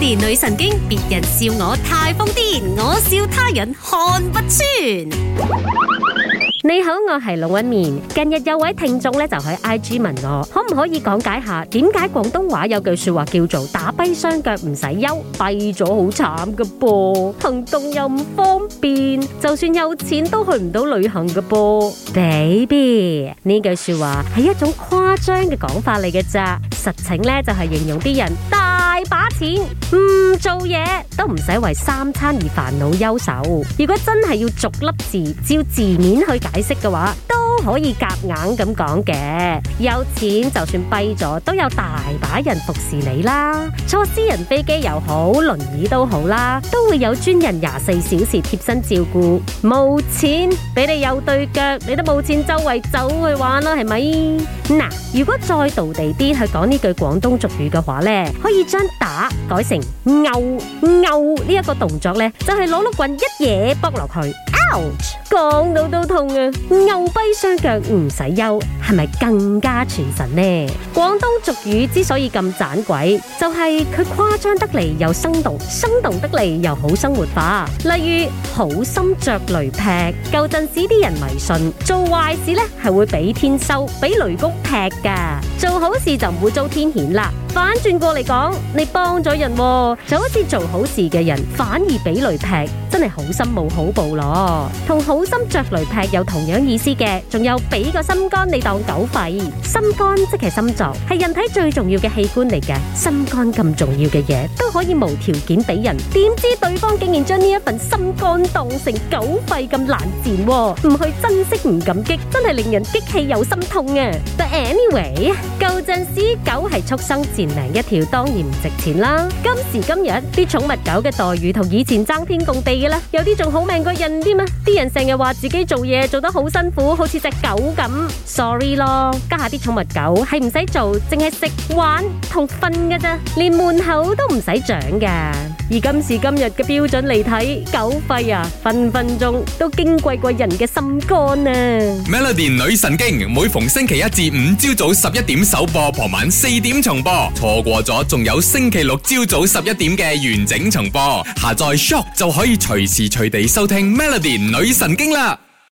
連女神經，別人笑我太瘋癲，我笑他人看不穿。你好，我係龍紋敏。近日有位聽眾咧，就喺 IG 問我，可唔可以講解下點解廣東話有句說話叫做打跛雙腳唔使憂，跛咗好慘噶噃，行動又唔方便，就算有錢都去唔到旅行噶噃。Baby，呢句說話係一種誇張嘅講法嚟嘅咋，實情咧就係、是、形容啲人。大把錢唔做嘢都唔使為三餐而煩惱憂愁。如果真係要逐粒字照字面去解釋嘅話，都可以夾硬咁講嘅，有錢就算跛咗都有大把人服侍你啦。坐私人飛機又好，輪椅都好啦，都會有專人廿四小時貼身照顧。冇錢俾你有對腳，你都冇錢周圍走去玩啦，係咪？嗱，如果再道地啲去講呢句廣東俗語嘅話呢，可以將打改成「牛牛」呢一個動作呢，就係攞碌棍一嘢卜落去。講到都痛啊！牛跛雙腳唔使休，係咪更加傳神呢？廣東俗語之所以咁盞鬼，就係佢誇張得嚟又生動，生動得嚟又好生活化。例如好心着雷劈，舊陣時啲人迷信，做壞事呢係會俾天收，俾雷公劈㗎。做好事就唔會遭天譴啦。反轉過嚟講，你幫咗人，啊，就好似做好事嘅人反而俾雷劈。真係好心冇好報咯，同好心著雷劈有同樣意思嘅。仲有俾個心肝你當狗肺，心肝即係心臟，係人體最重要嘅器官嚟嘅。心肝咁重要嘅嘢都可以無條件俾人，點知對方竟然將呢一份心肝當成狗肺咁濫賤，唔去珍惜唔感激，真係令人激氣又心痛啊！But anyway，舊陣時狗係畜生賤命一條，當然唔值錢啦。今時今日啲寵物狗嘅待遇同以前爭天共地嘅。 有啲仲好命過人添啊！啲人成日話自己做嘢做得好辛苦，好似隻狗咁，sorry 咯。家下啲寵物狗係唔使做，淨係食、玩同瞓噶咋，連門口都唔使長噶。而今時今日嘅標準嚟睇，狗肺啊，分分鐘都矜貴過人嘅心肝啊！Melody 女神經每逢星期一至五朝早十一點首播，傍晚四點重播，錯過咗仲有星期六朝早十一點嘅完整重播。下載 Shock 就可以隨時隨地收聽 Melody 女神經啦！